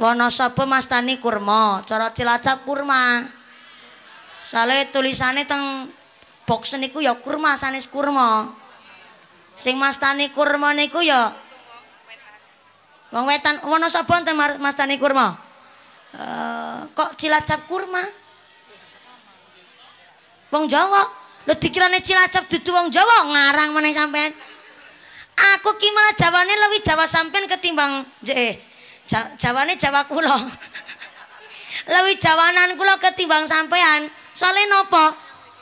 Wonosobo mastani kurma, cara Cilacap kurma. Sale tulisane teng box niku ya kurma sanes kurma. Sing mastani kurma niku ya Wong wetan Wonosobo ten mastani kurma. Uh, kok Cilacap kurma? Wong Jawa. Lho dikirane Cilacap dudu wong Jawa ngarang meneh sampean. Aku ki mah Jawane luwih Jawa sampean ketimbang eh, Ja, Jawane Jawa kula. Lewi jawanan kula ketimbang sampean. Soalnya nopo,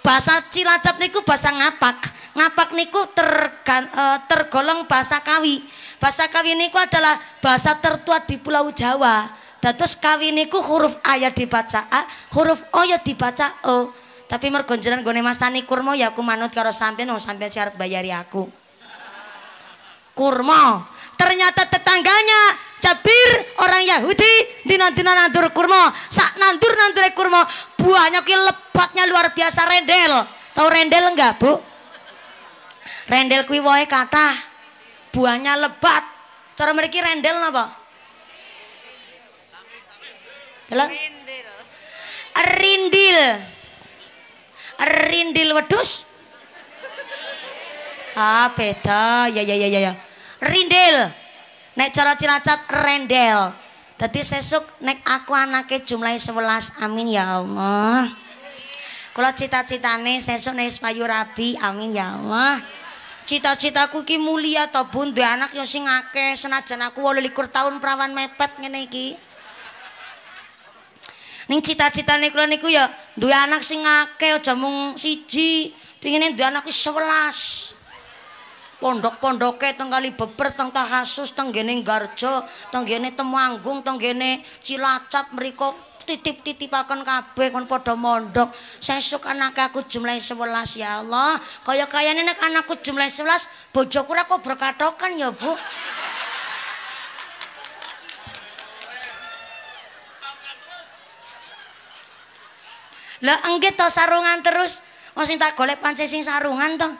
Bahasa Cilacap niku bahasa ngapak. Ngapak niku tergan, uh, tergolong bahasa Kawi. Bahasa Kawi niku adalah bahasa tertua di Pulau Jawa. Terus Kawi niku huruf A ya dibaca A, huruf O ya dibaca O. Tapi mergo gue Mas Tani kurmo ya aku manut karo sampean mau sampean syarat bayari aku. Kurmo, Ternyata tetangganya cabir orang Yahudi dina-dina nandur kurma sak nandur nandur kurma buahnya ki lebatnya luar biasa rendel tau rendel enggak bu rendel kui wae kata buahnya lebat cara mereka rendel napa Dalam? Rindil Rindil wedus Ah beda ya ya ya ya, ya. Rindil Nek cara cilacat rendel. Dadi sesuk nek aku anake jumlahi 11. Amin ya Allah. Kula cita-citane sesuk nek Ismayu Rabi. Amin ya Allah. Cita-citaku iki mulia to Bun, duwe anak yo sing akeh senajan aku 28 tahun perawan mepet ngene iki. Ning cita-citane kula niku ya. duwe anak sing akeh aja mung siji. Pengine duwe anak 11. pondok-pondoke teng kali beber teng tahasus teng gene garjo teng gene temanggung teng gene cilacap mriko titip-titipaken kabeh kon padha mondok sesuk anak aku jumlah 11 ya Allah kaya kayane nek anakku jumlah 11 bojoku ora kok berkatoken ya Bu Lah enggih to sarungan terus wong sing tak golek pancen sing sarungan toh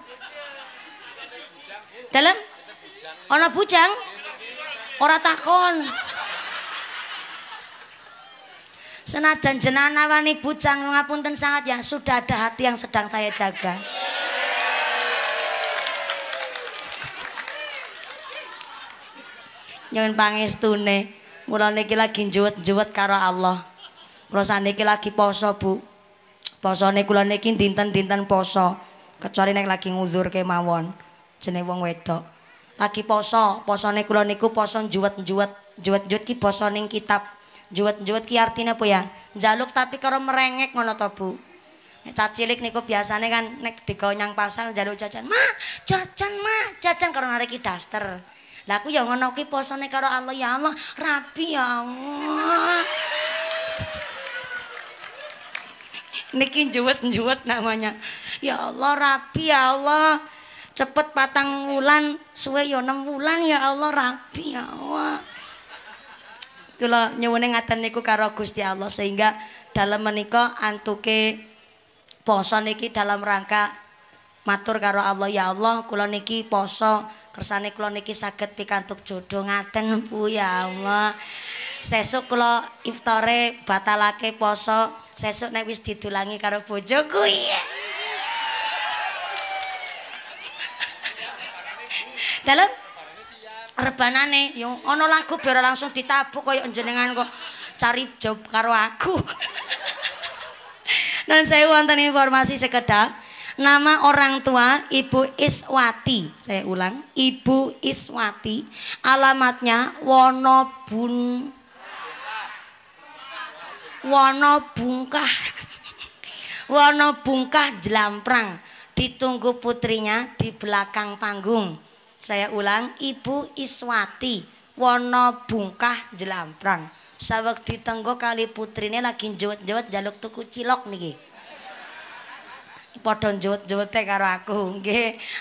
Dalam? Ana bujang? Ora takon. Senajan jenana wani bujang ngapunten sangat yang sudah ada hati yang sedang saya jaga. Nyuwun pangestune. Mula niki lagi juwet-juwet karo Allah. Kula saniki lagi poso, Bu. poso kula niki dinten-dinten poso. Kecuali nek lagi nguzur kemawon jenenge wong wedok. Lagi poso, posone kula niku poso juwet-juwet. Juwet-juwet ki poso ning kitab. Juwet-juwet ki artinya apa ya? Njaluk tapi karo merengek ngono to, Bu. Nek cilik niku biasane kan nek digonyang nyang pasar njaluk jajan, ma jajan, ma jajan karo nareki daster." laku ya ngono ki posone karo Allah ya Allah, rapi ya Allah. Niki juwet-juwet namanya. Ya Allah, rapi ya Allah. cepet patang wulan suwe ya 6 wulan ya Allah rapi ya Allah kula nyuwun ngaten niku karo Gusti Allah sehingga dalam menika antuke poso niki dalam rangka matur karo Allah ya Allah kula niki poso kersane kula niki saged pikantuk jodoh ngaten Bu ya Allah sesuk kula iftore batalake poso sesuk nek wis didulangi karo bojoku iya Dalam rebanane yang ono lagu biar langsung ditabuk koyo jenengan kok cari job karo aku. Dan saya wonten informasi sekedar Nama orang tua Ibu Iswati. Saya ulang, Ibu Iswati. Alamatnya Wonobun Wonobungkah. Wonobungkah Jelamprang. Ditunggu putrinya di belakang panggung. Saya ulang, Ibu Iswati Wono Bungkah Jelamprang. Sawekti ditenggo kali putrinya lagi jewet-jewet jaluk tuku cilok nih. niki. Podon jewet teh karo aku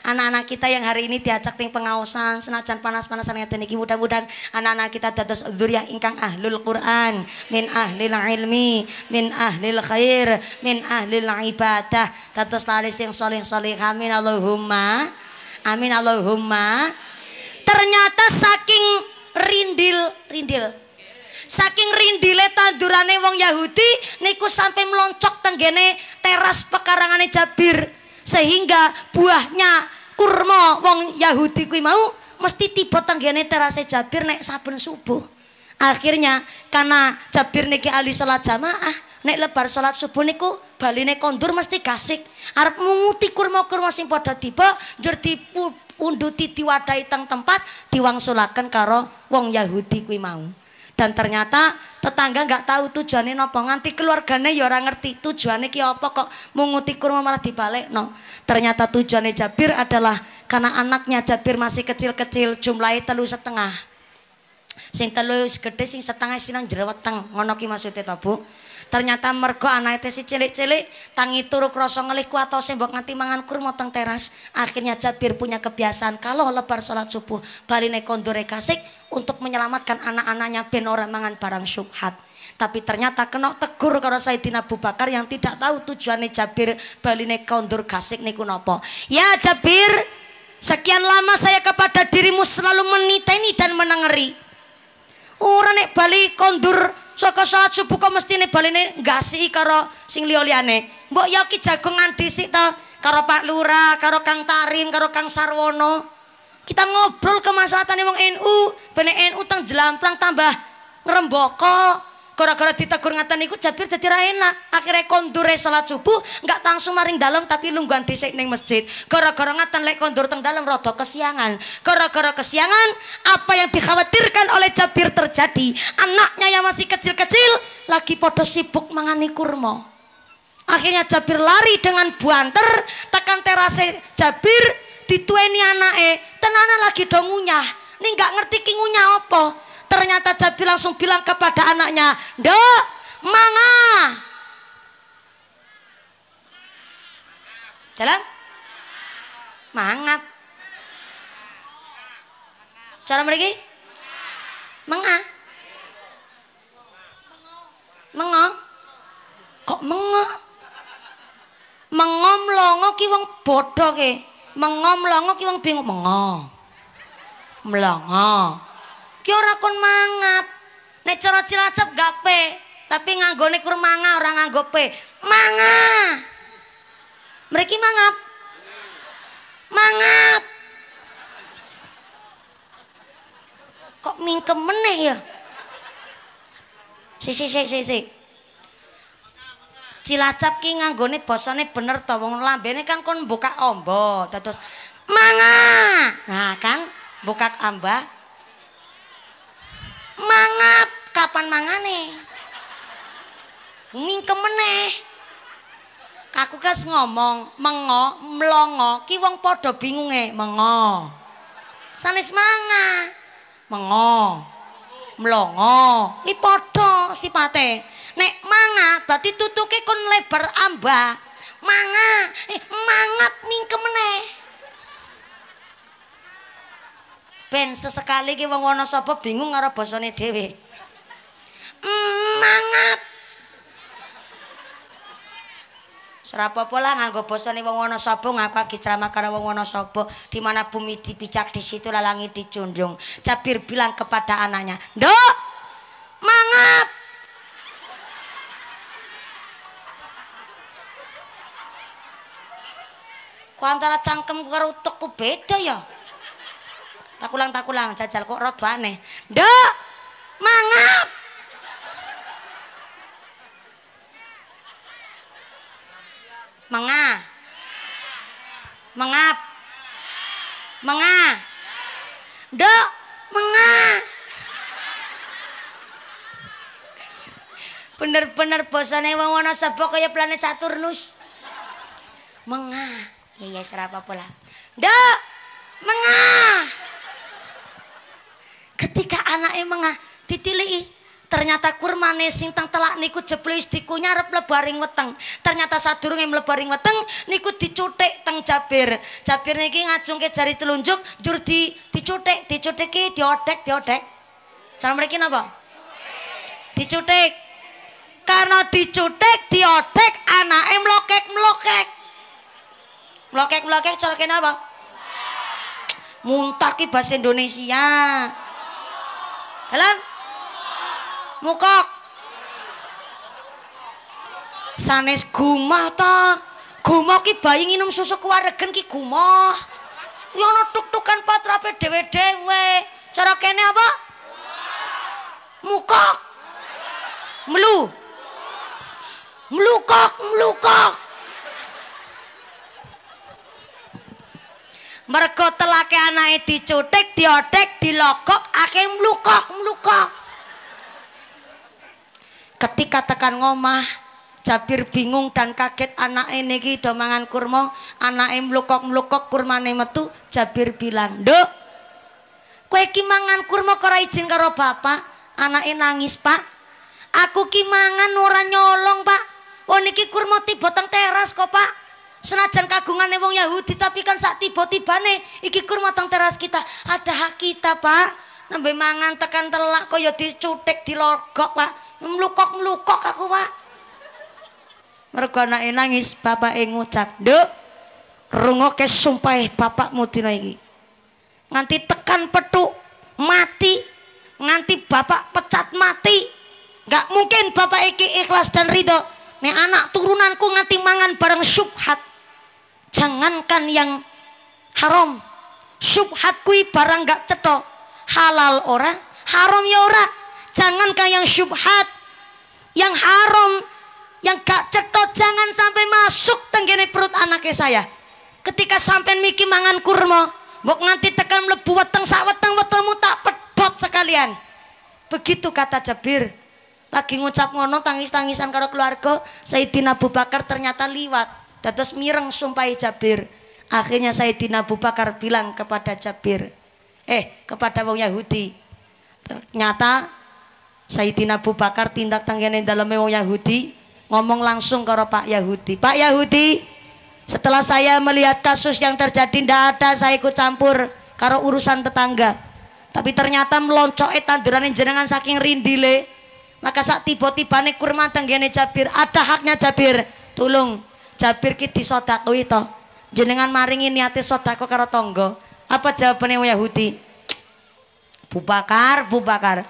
Anak-anak kita yang hari ini diajak ting pengawasan senajan panas-panasan yang iki mudah-mudahan anak-anak kita dados dzurriah ingkang ahlul Quran, min ahlil ilmi, min ahlil khair, min ahlil ibadah, dados laris yang soling-soling kami Allahumma Amin Allahumma. Ternyata saking rindil, rindil. Saking rindile tandurane wong Yahudi niku sampai meloncok tenggene teras pekarangane Jabir sehingga buahnya kurma wong Yahudi kuwi mau mesti tiba tenggene terase Jabir nek saben subuh. Akhirnya karena Jabir niki ahli salat jamaah nek lebar salat subuh niku baline kondur mesti kasik, Arep munguti kurma-kurma sing padha tiba njur dipunduti diwadahi teng tempat sulakan karo wong Yahudi kuwi mau. Dan ternyata tetangga nggak tahu tujuannya nopo nganti keluarganya ya orang ngerti tujuannya ki apa kok menguti kurma malah dibalik no. Ternyata tujuannya Jabir adalah karena anaknya Jabir masih kecil-kecil jumlahnya telu setengah. Sing telu segede sing setengah silang jerawat teng ngono ki maksudnya tabu Ternyata mergo itu si cilik-cilik tangi turu krosong ngelih atau sembok nganti mangan kurma teng teras. Akhirnya Jabir punya kebiasaan kalau lebar sholat subuh baline kondore kasik untuk menyelamatkan anak-anaknya ben orang mangan barang syubhat. Tapi ternyata kena tegur karo Sayyidina Abu Bakar yang tidak tahu tujuannya Jabir baline kondur kasik niku nopo Ya Jabir, sekian lama saya kepada dirimu selalu meniteni dan menengeri. Orang nek bali kondur saka salat subuh kok mesti balene ngasihi karo sing karo singlioliane Mbok ya ki jagongan sih to karo Pak Lurah, karo Kang Tarim, karo Kang Sarwono. Kita ngobrol kemaslahatane wong NU, bene NU tang jelamprang tambah ngrembaka. Kora-kora ditegurngatan niku Jabir jadi ra enak. kondure salat subuh enggak langsung maring dalam tapi lungguan dhisik ning masjid. Gara-gara ngatan lek kondur teng dalam rotok kesiangan. Gara-gara kesiangan apa yang dikhawatirkan oleh Jabir terjadi. Anaknya yang masih kecil-kecil lagi podo sibuk mengani kurma. Akhirnya Jabir lari dengan buanter tekan terase Jabir ditueni anake, tenana lagi dongunya nih enggak ngerti kingunya apa. Ternyata jadi langsung bilang kepada anaknya, Dek, manga. Jalan? Mangat. Cara mereka? Menga. menga, Kok menga, Mengom longo ki wong bodoh ke Mengom longo ki wong bingung. mengom, Melongo ki ora kon mangap. Nek cara Cilacap gak pe tapi nganggone kur manga ora nganggo pe Manga. Mereka mangap. Mangap. Kok mingkem meneh ya? Si si si si si. Cilacap ki nganggone basane bener to wong lambene kan kon buka ombo terus manga. Nah kan buka ambah Mangat, kapan mangane mingkem meneh aku kas ngomong mengo melongo ki wong padha bingunge mengo sanis manga mengo melongo ki padha sipate nek manga berarti tutuke kon lebar amba manga eh mangap mingkem meneh ben sesekali ki wong ana sapa bingung karo basane dhewe mangap Serapopo lah nganggo basa ni wong ana sapa ngaku iki ceramah karo wong ana sapa di mana bumi dipijak disitu, lalangi dicundung. Jabir bilang kepada anaknya Nduk mangap Ku antara cangkem karo ku beda ya Takulang takulang jajal kok rodo aneh. Nduk, mangap. menga, Mengap. menga. Nduk, Bener-bener bosane wong ana sebo kaya planet Saturnus. Mengah. Ya ya serapa pola. Nduk, mengah. Anak emang ah ditiliki Ternyata kurmane sing teng telak niku jeplis dikunyah rep lebaring weteng. Ternyata sadurunge lebaring weteng niku dicutek teng jabir. Jabir niki ke jari telunjuk jur di dicutek ki diodek, diodek. Cara mereka napa? dicutek Karena dicutek diodek em lokek, lokek, lokek, lokek cara kene apa? Muntah ki bahasa Indonesia. Dalam? Mukok. Sanes gumah ta. Gumah ki bayi nginum susu kuaregen ki gumah. Yono tuk-tukan patrape dewe-dewe. Cara kene apa? Mukok. Melu. Melukok, melukok. mergo anak anake dicutik diotek dilokok akhirnya mlukok mlukok ketika tekan ngomah Jabir bingung dan kaget anak ini do mangan kurma anak melukok melukok. kurma kurmane metu Jabir bilang Duh, kue kimangan mangan kurma ora izin karo bapak ini nangis Pak aku kimangan mangan nyolong Pak oh niki kurma tiba teng teras kok Pak Senajan nih, wong Yahudi tapi kan saat tiba tiba iki kurma matang teras kita. Ada hak kita, Pak. nambah mangan tekan telak di dicutik logok Pak. melukok melukok aku, Pak. mereka anak nangis, yang ngucap, "Nduk, rungoke Bapak bapakmu dina iki." Nganti tekan petuk mati, nganti bapak pecat mati. Gak mungkin bapak iki ikhlas dan ridho. nih anak turunanku nganti mangan bareng syubhat jangankan yang haram syubhat kui barang gak cetok halal ora haram ya ora jangankan yang syubhat yang haram yang gak cetok jangan sampai masuk tenggene perut anaknya saya ketika sampai miki mangan kurma mbok nganti tekan mlebu weteng sak weteng wetemu tak pedot sekalian begitu kata Jabir lagi ngucap ngono tangis-tangisan karo keluarga Sayyidina Abu Bakar ternyata liwat Tatas mireng sumpai Jabir. Akhirnya Sayyidina Abu Bakar bilang kepada Jabir, eh kepada wong Yahudi. Ternyata Sayyidina Abu Bakar tindak tanggianin dalam wong Yahudi ngomong langsung ke Pak Yahudi. Pak Yahudi, setelah saya melihat kasus yang terjadi tidak ada saya ikut campur karena urusan tetangga. Tapi ternyata meloncok e tanduran jenengan saking rindile. Maka saat tiba-tibane kurma tanggane Jabir, ada haknya Jabir. Tolong Jabir ki disodakui to. Jenengan maringi niate sodako karo tonggo. Apa jawabannya Yahudi? Bubakar, Bubakar.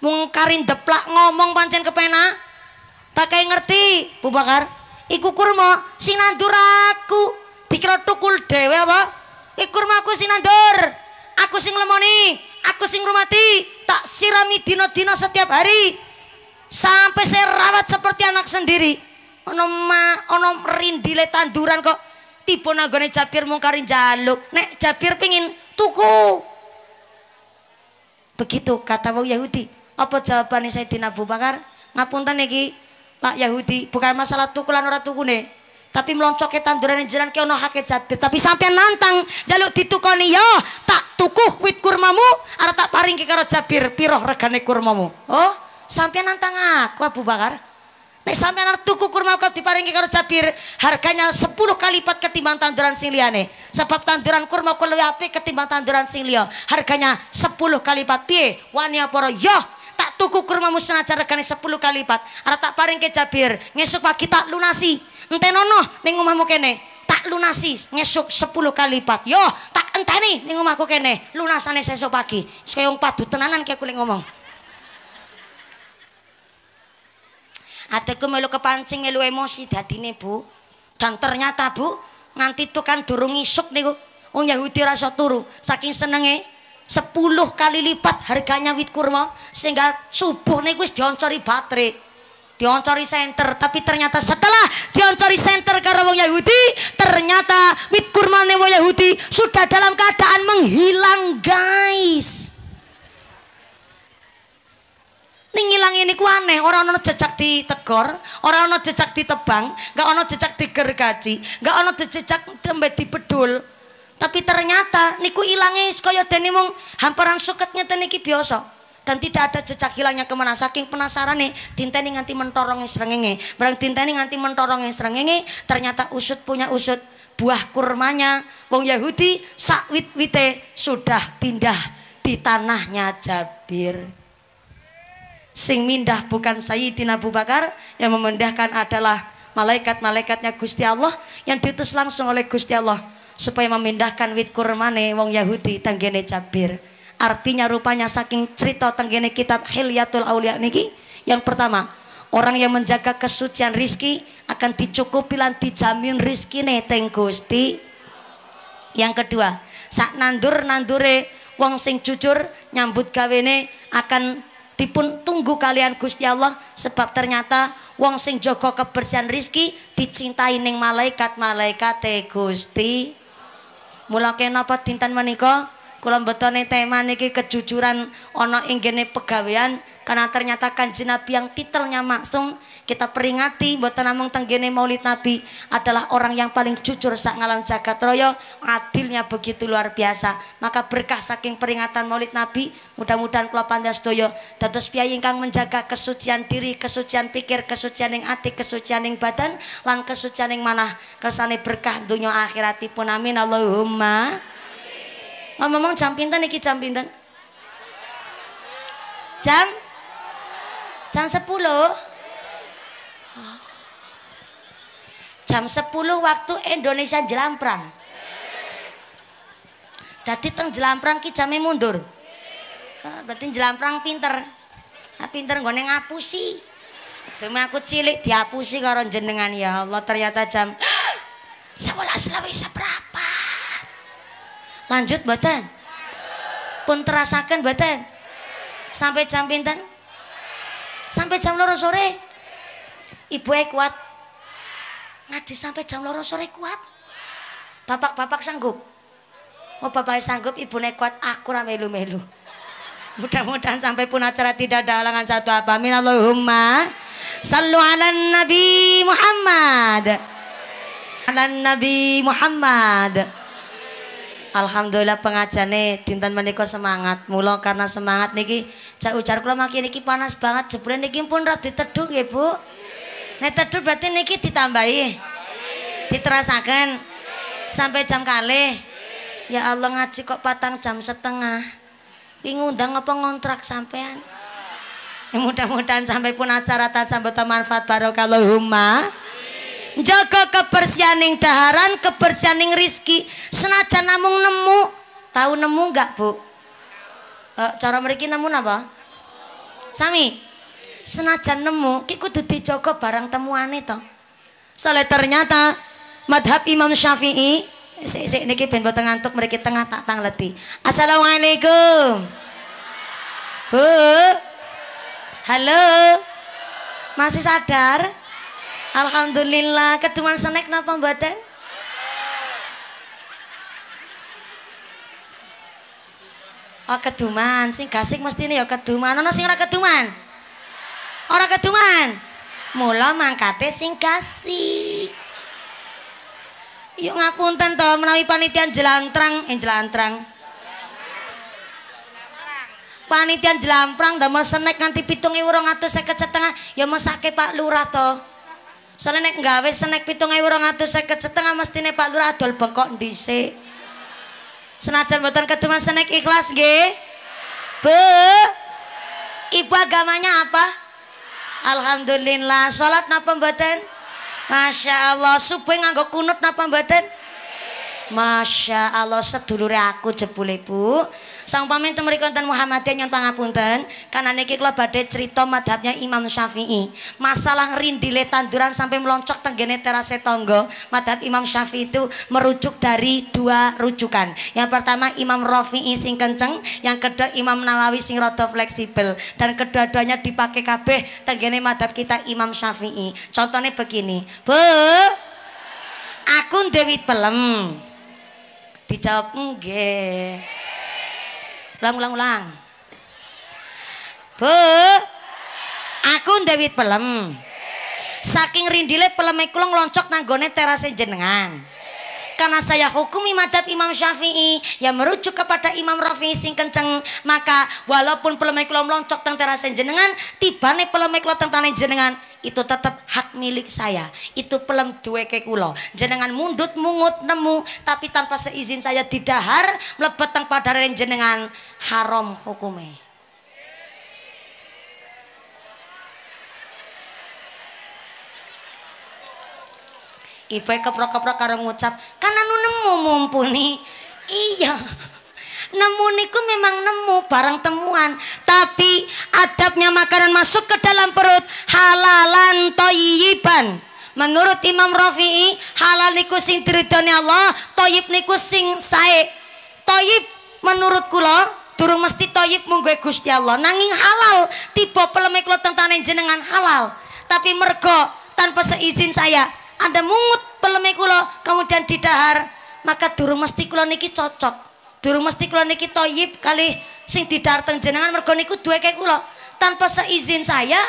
Mungkarin deplak ngomong pancen kepena. Ah. Tak kayak ngerti, Bubakar. Iku kurma sinandur aku. Dikira tukul dewe apa? Iku kurma aku sinandur. Aku sing lemoni, aku sing rumati. Tak sirami dino-dino setiap hari. Sampai saya rawat seperti anak sendiri. Ono ma, ono rindile tanduran kok tipe nagone capir mung jaluk. Nek capir pingin tuku. Begitu kata wong Yahudi. Apa jawabannya Sayyidina Abu Bakar? Ngapunten iki Pak Yahudi, bukan masalah tukulan ora nih Tapi meloncoknya tanduran yang jalan ke ono hake capir. tapi sampean nantang jaluk ditukoni yo, tak tukuh wit kurmamu arep tak paring ke karo capir piroh regane kurmamu. Oh, sampean nantang aku Abu Bakar. Nek sampean arep tuku kurma kok diparingi karo cabir, harganya sepuluh kali lipat ketimbang tanduran sing liyane. Sebab tanduran kurma kok luwih apik ketimbang tanduran sing liya. Harganya sepuluh kali lipat. Piye? Wani apa Yo, tak tuku kurma musnah senajan nih sepuluh kali lipat. Arep tak paringke cabir, ngesuk pagi tak lunasi. Entenono ning omahmu kene. Tak lunasi ngesuk sepuluh kali lipat. Yo, tak enteni ning omahku kene. Lunasane sesuk pagi. Saya padu tenanan kayak aku ngomong. adekku melu kepancing melu emosi dadine Bu. Dan ternyata Bu, nganti tukang durung isuk niku wong Yahudi rasa turu saking senenge sepuluh kali lipat harganya wit kurma sehingga subuh nih wis dioncori baterai dioncori senter tapi ternyata setelah dioncori senter karo wong Yahudi ternyata wit kurma wong Yahudi sudah dalam keadaan menghilang guys yang ku aneh, orang ana jejak tegor orang orang jejak tebang enggak ana jejak gergaji nggak orang jejak di pedul. Tapi ternyata niku ilangnya sekoyo dene mung hamparan suketnya ngeten kibioso, biasa. dan tidak ada jejak hilangnya kemana saking penasaran nih dinteni nganti mentorongnya serengenge barang dinteni nganti mentorongnya serengenge ternyata usut punya usut buah kurmanya wong Yahudi sakwit wite sudah pindah di tanahnya Jabir Sing mindah bukan Sayyidina Abu Bakar, yang memindahkan adalah malaikat-malaikatnya Gusti Allah yang diutus langsung oleh Gusti Allah supaya memindahkan wit kurmane wong Yahudi tanggene cabir. Artinya rupanya saking cerita tanggene kitab Hilyatul Aulia niki yang pertama orang yang menjaga kesucian rizki akan dicukupi lan dijamin rizkine teng Gusti. Yang kedua, sak nandur nandure wong sing jujur nyambut gawene akan dipun tunggu kalian Gusti Allah sebab ternyata wong sing jaga kebersihan rizki dicintai ning malaikat malaikat Gusti. Mulai kenapa dinten menika Kula mboten tema niki kejujuran ana ing kene pegawean karena ternyata Kanjeng Nabi yang titelnya maksum kita peringati mboten namung tenggene Maulid Nabi adalah orang yang paling jujur sak ngalam jagat royo adilnya begitu luar biasa. Maka berkah saking peringatan Maulid Nabi, mudah-mudahan kula panjastaya dados piyai ingkang menjaga kesucian diri, kesucian pikir, kesucian ing ati, kesucian ing badan lan kesucian ing manah. Kersane berkah dunia akhiratipun amin Allahumma Ngomong-ngomong jam pinten iki jam pinten? Jam? Jam 10? Jam 10 waktu Indonesia jelamprang. Jadi teng jelamprang ki jame mundur. Ah, berarti jelamprang pinter. Nah, pinter gue ngapusi. Demi aku cilik diapusi karo jenengan ya Allah ternyata jam sebelas lebih seberapa Lanjut boten? Pun terasakan boten? Sampai jam pinten? Sampai jam loro sore? Ibu kuat? Ngaji sampai jam loro sore kuat? Bapak-bapak sanggup? mau oh, bapak sanggup, ibu kuat, aku ramelu-melu. Mudah-mudahan sampai pun acara tidak ada halangan satu apa. Amin Allahumma. Sallu ala Nabi Muhammad. Ala Nabi Muhammad. Alhamdulillah pengajane dinten menika semangat. Mula karena semangat niki cak ujar kula makin niki panas banget. Jebule niki pun ra diteduh ya Bu. Nek teduh berarti niki ditambahi. Diterasakan sampai jam kali. Ya Allah ngaji kok patang jam setengah. Ki ngundang apa ngontrak sampean? Ya mudah-mudahan sampai pun acara tak sampai manfaat barokallahumma. Jaga kebersihaning daharan, kebersihaning rizki. Senajan namung nemu, tahu nemu enggak bu? Uh, cara mereka nemu apa? Sami, senajan nemu, kiku kudu joko barang temuan itu Soalnya ternyata madhab Imam Syafi'i, si, si, ini ben boten ngantuk mereka tengah tak tangleti. Assalamualaikum. Bu. Halo. Masih sadar? Alhamdulillah, ketuman senek napa mboten? Oh keduman, sing gasik mesti ini ya keduman. Ono sing ora keduman? Ora keduman. Mula mangkate sing gasik. Yuk ngapunten to menawi panitian jelantrang, eh jelantrang. Panitian jelamprang damel senek nganti pitung ewu rong atus seket setengah ya mesake Pak Lurah to. Soalnya nek gawe senek pitung ayu orang atus seket setengah mesti nek Pak Lurah adol bengkok dice. Senajan buatan keduman senek ikhlas ge. Be. Ibu agamanya apa? Alhamdulillah. sholat napa mboten? Masya Allah. Subuh nganggo kunut napa mboten? Masya Allah sedulur aku jebul ibu Sang pamin temeri konten Muhammadiyah nyon pangapunten Karena niki kalau badai cerita madhabnya Imam Syafi'i Masalah rindile tanduran sampai meloncok tenggene terase tonggo Madhab Imam Syafi'i itu merujuk dari dua rujukan Yang pertama Imam Rafi'i sing kenceng Yang kedua Imam Nawawi sing rodo fleksibel Dan kedua-duanya dipakai kabeh tenggene madhab kita Imam Syafi'i Contohnya begini Bu Aku Dewi pelem Dijawab nggih. Ulang ulang ulang. Bu, aku ndewit pelem. Saking rindile peleme kula ngloncok nanggone terase jenengan karena saya hukumi madhab Imam Syafi'i yang merujuk kepada Imam Rafi'i sing kenceng maka walaupun pelemek lo meloncok teng terasen jenengan tibane pelemek lo teng tanah jenengan itu tetap hak milik saya itu pelem duwe ke kulo jenengan mundut mungut nemu tapi tanpa seizin saya didahar melebet teng padaren jenengan haram hukumnya. Ibu keprok-keprok karo ngucap, kan anu nemu mumpuni. Iya. Nemu niku memang nemu barang temuan, tapi adabnya makanan masuk ke dalam perut halalan toyiban. Menurut Imam Rafi'i, halal niku sing diridani Allah, toyib niku sing sae. Toyib menurut kula durung mesti toyib munggu Gusti Allah. Nanging halal tiba peleme kula tentang jenengan halal. Tapi mergo tanpa seizin saya anda mungut peleme kulo kemudian didahar, maka durung mesti kulo niki cocok. Durung mesti kulo niki toyib kali sing didahar teng jenengan mergo niku duwe Tanpa seizin saya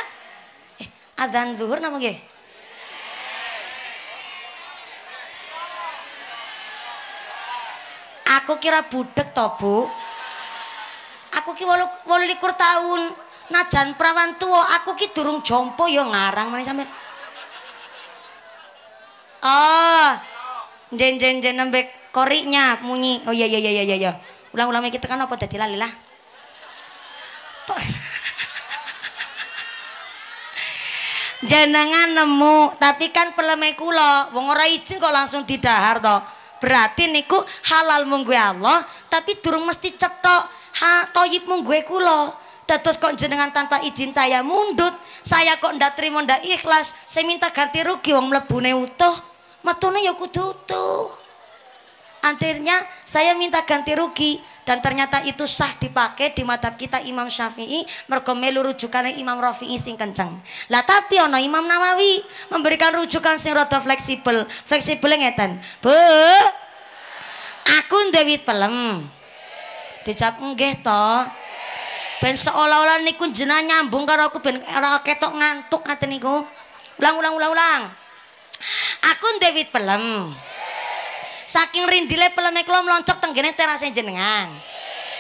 eh, azan zuhur napa nggih? Aku kira budek to, Bu. Aku ki 28 tahun. Najan prawan tuo aku ki durung jompo yo ya ngarang mana sampean. Oh. Jen jen jen nembek koriknya munyi. Oh iya iya iya iya iya. Ulang-ulang kita kan apa tadi lali lah. Jenengan nemu, tapi kan peleme kula. Wong ora izin kok langsung didahar to. Berarti niku halal mung Allah, tapi durung mesti cetok ha toyib mung gue kula. Dados kok jenengan tanpa izin saya mundut, saya kok ndak terima ndak ikhlas, saya minta ganti rugi wong mlebune utuh metune ya kudu utuh. Akhirnya saya minta ganti rugi dan ternyata itu sah dipakai di madhab kita Imam Syafi'i mergo melu rujukane Imam Rafi'i sing kenceng. Lah tapi ono Imam Nawawi memberikan rujukan sing rada fleksibel. Fleksibel ngeten. Bu, aku ndewit pelem. Dijawab nggih to. Ben seolah-olah niku jenengan nyambung karo aku ben ora ketok ngantuk ngaten niku. Ulang ulang ulang ulang. Aku David pelem. Saking rindile peleme kula loncok tenggene terasnya jenengan.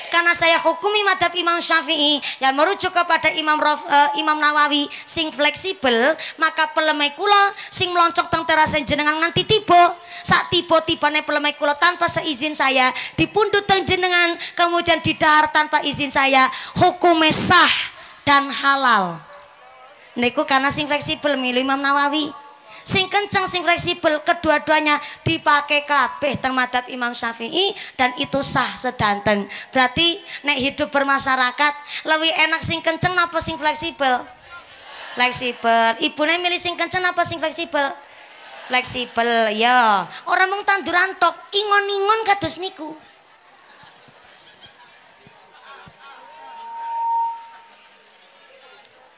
Karena saya hukumi madhab Imam Syafi'i yang merujuk kepada Imam Rof, uh, eh, Imam Nawawi sing fleksibel, maka pelemai kula sing meloncok teng terasa jenengan nanti tiba. tibo tiba tibane pelemai kula tanpa seizin saya dipundut teng jenengan kemudian didahar tanpa izin saya hukum sah dan halal. Niku karena sing fleksibel milih Imam Nawawi sing kenceng sing fleksibel kedua-duanya dipakai kabeh teng madhab Imam Syafi'i dan itu sah sedanten berarti nek hidup bermasyarakat lebih enak sing kenceng apa sing fleksibel fleksibel ibunya milih sing kenceng apa sing fleksibel fleksibel ya orang mung tanduran tok ingon-ingon kados niku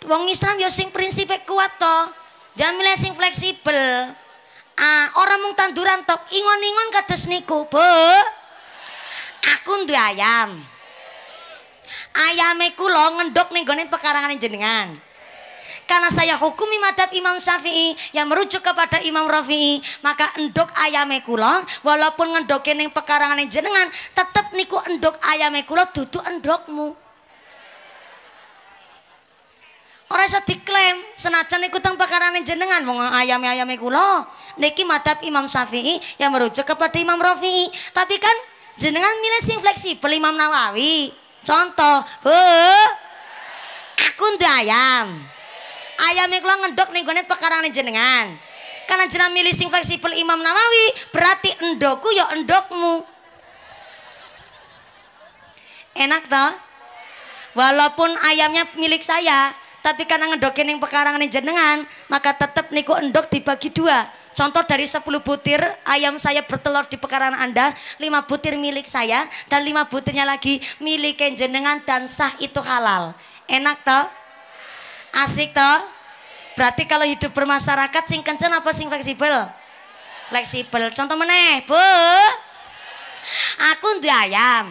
Wong Islam ya sing prinsipe kuat to. Jangan milih sing fleksibel. Ah, orang mung tanduran tok, ingon-ingon kados niku, Bu. Aku ndu ayam. Ayame kula ngendok ning gone pekarangan jenengan. Karena saya hukumi madhab Imam Syafi'i yang merujuk kepada Imam Rafi'i, maka endok ayame kula walaupun ngendoke ning pekarangan jenengan, tetap niku endok ayame kula dudu endokmu. Ora iso diklaim senajan iku teng pekarane jenengan wong ayam-ayame kula. Niki madhab Imam Syafi'i yang merujuk kepada Imam Rafi'i. Tapi kan jenengan milih sing fleksibel Imam Nawawi. Contoh, he, aku ndak ayam. Ayamnya kula ngendok ning gone pekarane jenengan. Karena jenengan milih sing fleksibel Imam Nawawi, berarti endokku ya endokmu. Enak toh? Walaupun ayamnya milik saya, tapi karena ngendokin yang pekarangan ini jenengan, maka tetap niku endok dibagi dua. Contoh dari 10 butir ayam saya bertelur di pekarangan Anda, 5 butir milik saya, dan 5 butirnya lagi milik yang jenengan dan sah itu halal. Enak toh? Asik toh? Berarti kalau hidup bermasyarakat sing kencen apa sing fleksibel? Fleksibel. Contoh meneh, Bu. Aku ndi ayam.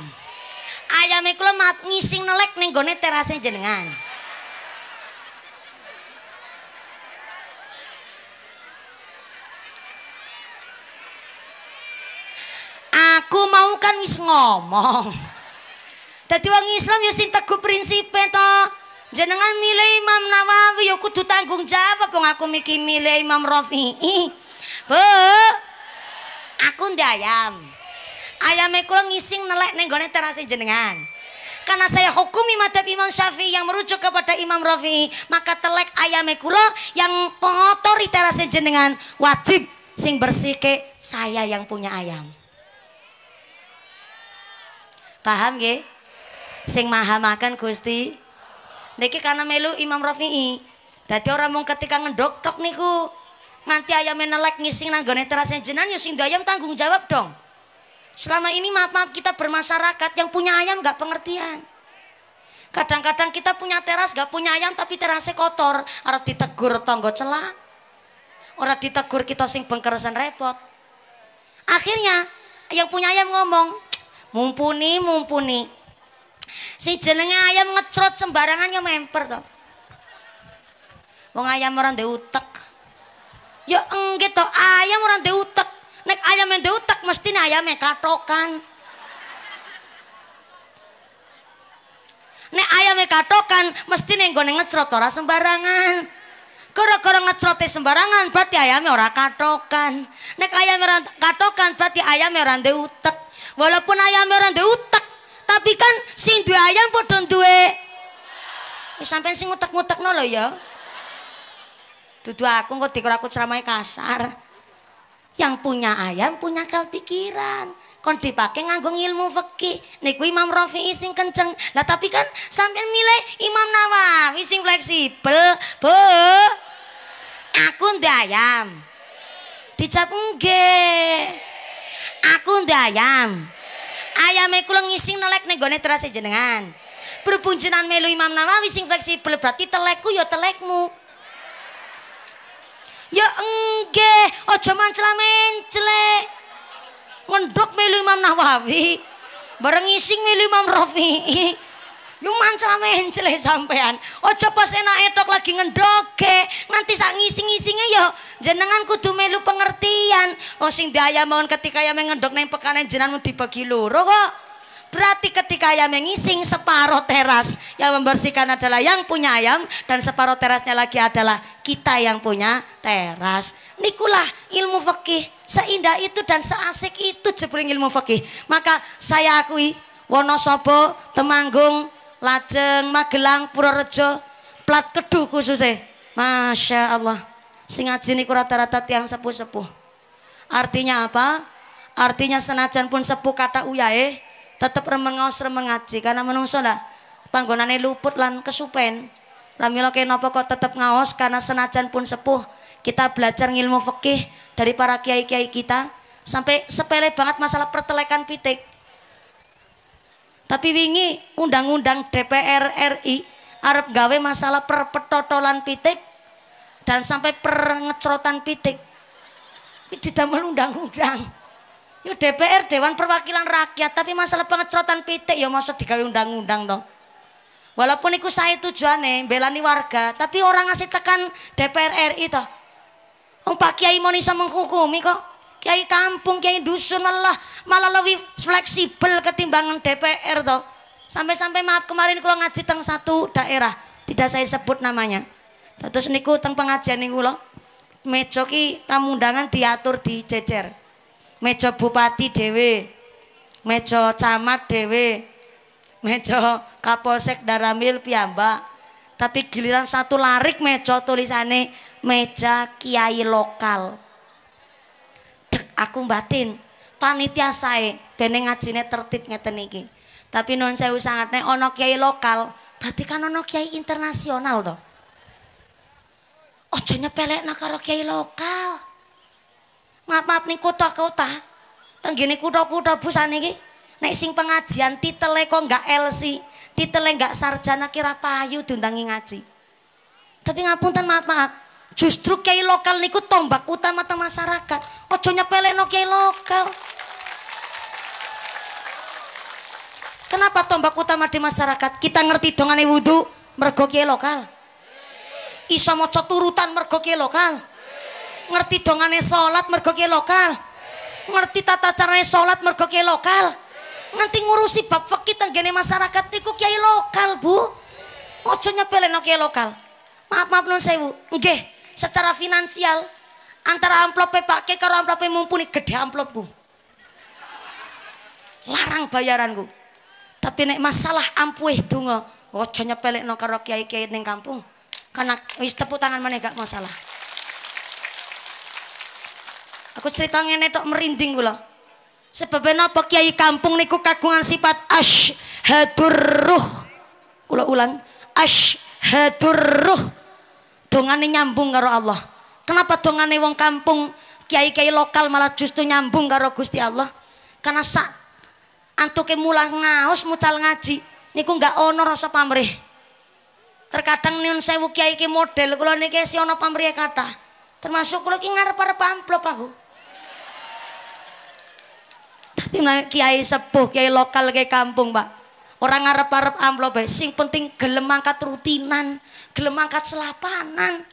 Ayam Ayame mat ngising nelek ning gone terasnya jenengan. aku mau kan wis ngomong dadi wong Islam ya sing teguh prinsip to jenengan milih Imam Nawawi ya kudu tanggung jawab wong aku miki milih Imam Rafi'i Bu aku ndak ayam ayame kula ngising nelek ning gone terase jenengan karena saya hukumi madhab Imam Syafi'i yang merujuk kepada Imam Rafi'i maka telek ayam kula yang pengotori terase jenengan wajib sing bersih ke saya yang punya ayam Paham nggih? Sing makan Gusti. Niki karena melu Imam Rafi'i. Tadi orang mung ketika ngedok tok niku. nanti ayam nelek ngising nang gone terasnya jenan yusin ayam tanggung jawab dong. Selama ini maaf-maaf kita bermasyarakat yang punya ayam gak pengertian. Kadang-kadang kita punya teras gak punya ayam tapi terasnya kotor, orang ditegur tonggo celak. orang ditegur kita sing pengkerasan repot. Akhirnya yang punya ayam ngomong, mumpuni mumpuni si jenenge ayam ngecrot sembarangan ya memper to wong ayam orang utek ya enggak to ayam orang ndek utek nek ayam yang utek mesti ayamnya katokan nek ayamnya katokan mesti nenggo ngecrot ora sembarangan Gara-gara ngecrote sembarangan berarti ayamnya orang katokan. Nek ayamnya orang katokan berarti ayamnya orang di utek. Walaupun ayamnya orang di utek, tapi kan sing duwe ayam padha duwe. Sampai sampean sing ngutek-ngutekno lho ya. Dudu aku kok dikira aku ceramahnya kasar. Yang punya ayam punya akal pikiran. kon dipakai nganggo ilmu fikih niku Imam Rafi ising kenceng lah tapi kan sampean milih Imam Nawawi ising fleksibel bu aku ndayam. Dijawab nggih. Aku ndayam. Ayame kula ngising nelek ning gone terase jenengan. Berhubung jenengan melu Imam Nawawi sing fleksibel berarti telekku ya telekmu. Ya nggih, aja mencela-mencelek. Ngendok melu Imam Nawawi. Bareng ngising melu Imam Rafi'i sama yang jelek sampean. Ojo pas enak etok lagi ngedoke. nanti sak ngising ngisingnya yo jenengan kutu melu pengertian. Oh sing daya mohon ketika ya ngendok neng pekanen jenengan dibagi kilo. kok. Berarti ketika ayam yang ngising separuh teras yang membersihkan adalah yang punya ayam dan separuh terasnya lagi adalah kita yang punya teras. Nikulah ilmu fakih seindah itu dan seasik itu jebring ilmu fakih. Maka saya akui Wonosobo, Temanggung, lajeng Magelang Purworejo plat kedu khususnya Masya Allah singa ngaji niku rata-rata tiang sepuh-sepuh artinya apa? artinya senajan pun sepuh kata uyae tetep tetap ngaos remeng karena menungso lah panggonane luput lan kesupen Ramila kenapa kok tetap ngaos karena senajan pun sepuh kita belajar ilmu fikih dari para kiai-kiai kita sampai sepele banget masalah pertelekan pitik tapi wingi undang-undang DPR RI Arab gawe masalah perpetotolan pitik dan sampai perngecrotan pitik. Itu tidak undang-undang. Yo DPR Dewan Perwakilan Rakyat, tapi masalah pengecrotan pitik ya maksud digawe undang-undang toh. Walaupun iku saya tujuane belani warga, tapi orang ngasih tekan DPR RI toh. Wong Pak Kiai mau iso menghukumi kok kiai kampung, kiai dusun malah malah lebih fleksibel ketimbangan DPR toh. Sampai-sampai maaf kemarin kalau ngaji teng satu daerah, tidak saya sebut namanya. Terus niku teng pengajian niku loh. Meja ki tamu undangan diatur dijejer. Meja bupati dewe, meja camat dewe, meja kapolsek daramil piamba, Tapi giliran satu larik meja tulisane meja kiai lokal aku batin panitia saya dene ngajine tertib ngeten iki. Tapi non saya sangat nih ono kiai lokal, berarti kan ono kiai internasional toh. Ojo nyepelek karo kiai lokal. Maaf maaf nih kota kota, tenggini kota kota busan iki. Nek sing pengajian titele kok nggak LC, titele nggak sarjana kira payu diundangi ngaji. Tapi ngapunten maaf maaf, Justru kiai lokal niku tombak utama te masyarakat. Ojo no kiai lokal. Kenapa tombak utama di masyarakat? Kita ngerti dongane wudhu mergo kiai lokal. Iso maca turutan mergo kiai lokal. Ngerti dongane salat mergo kiai lokal. Ngerti tata caranya salat mergo kiai lokal. Nanti ngurusi bab kita tenggene masyarakat niku kiai lokal, Bu. Ojo no kiai lokal. Maaf maaf nun sewu. Nggih secara finansial antara amplop e Pak K karo amplop e mumpuni gede amplop amplopku. Larang bayaranku. Tapi nek masalah ampuh e donga, aja nyepelekno karo kiai-kiai ning kampung. Karena wis tepuk tangan mana gak masalah. Aku cerita ngene tok merinding gula Sebab apa kiai kampung niku kagungan sifat hadur ruh. Kula ulang, hadur ruh dongane nyambung karo Allah. Kenapa dongane wong kampung kiai-kiai lokal malah justru nyambung karo Gusti Allah? Karena sak antuke mulah ngaos mucal ngaji niku nggak ono rasa pamrih. Terkadang nyun saya kiai ki model nih niki si ono pamrih kata. Termasuk kalau ki ngarep-arep pamplop aku. Tapi kiai sepuh, kiai lokal, kiai kampung, Pak. Orang ngarep-arep amplop bae. Sing penting gelem angkat rutinan, gelem angkat selapanan.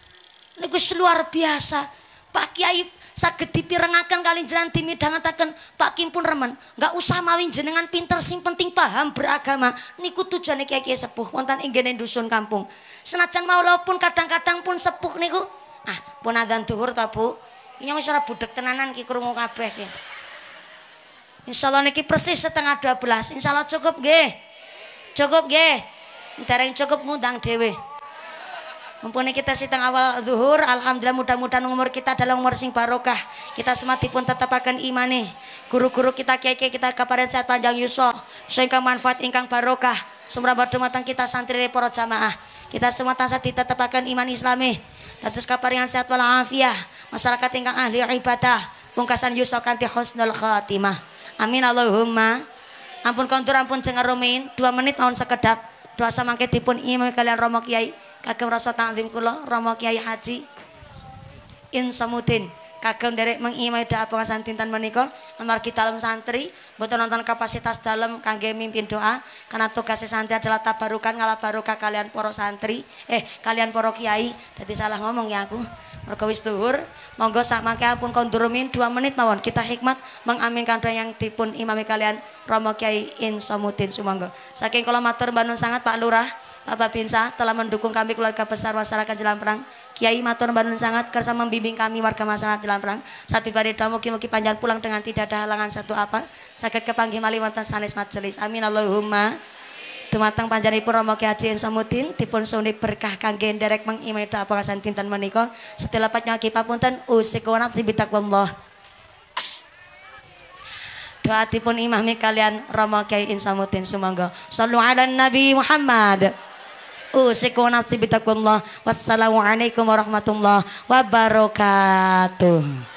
Niku luar biasa. Pak Kiai saged dipirengaken kali jenengan dimidhangetaken Pak Kim pun remen enggak usah maling jenengan pinter sing penting paham beragama niku tujuane kiai-kiai sepuh wonten ing kene dusun kampung senajan maula kadang-kadang pun sepuh niku ah pun azan dhuwur ta Bu ini wis ora budek tenanan ki krungu kabeh ki Allah niki persis setengah 12 Allah cukup nggih Cukup nggih. yang cukup ngundang dewe. Mumpuni kita sitang awal zuhur, alhamdulillah mudah-mudahan umur kita adalah umur sing barokah. Kita semati pun tetap iman nih. Guru-guru kita kiai-kiai kita kaparin sehat panjang yuswa, sehingga manfaat ingkang barokah. badu matang kita santri repor jamaah. Kita semua tansah akan iman islami. Tatus kaparingan sehat walang masyarakat ingkang ahli ibadah, pungkasan yuswa kanti khusnul khatimah. Amin Allahumma ampun kontur ampun jengar rumiin dua menit tahun sekedap doa samangke dipun imam kalian romo kiai kakek rasa tim kulo romo kiai haji insamudin kagem derek mengimai doa pengasan tintan menika kita dalam santri butuh nonton kapasitas dalam kangge mimpin doa karena tugas santri adalah tabarukan ngalah baruka kalian poro santri eh kalian poro kiai tadi salah ngomong ya aku mereka wis tuhur, monggo sak mangke pun kondurumin dua menit mawon kita hikmat mengaminkan doa yang dipun imami kalian Romo Kiai insomutin sumonggo saking kolam matur banun sangat Pak Lurah Bapak Binsa telah mendukung kami keluarga besar masyarakat Jelang Perang Kiai matur banun sangat kersa membimbing kami warga masyarakat Jelang pelan-pelan. Sapi barida mugi-mugi panjang pulang dengan tidak ada halangan satu apa. Sakit kepanggih mali wonten sanes majelis. Amin Allahumma. Tumateng panjenipun romo Ki Haji Insomudin dipun suni berkah kangge Derek mengimai doa pengasan meniko setelah Sedaya lapat nyaki papunten usik wanat sibitakwallah. Doa dipun imami kalian Romo Ki Insomudin sumangga. Salu ala Nabi Muhammad usiku nafsi bitakullah. Wassalamualaikum warahmatullahi wabarakatuh.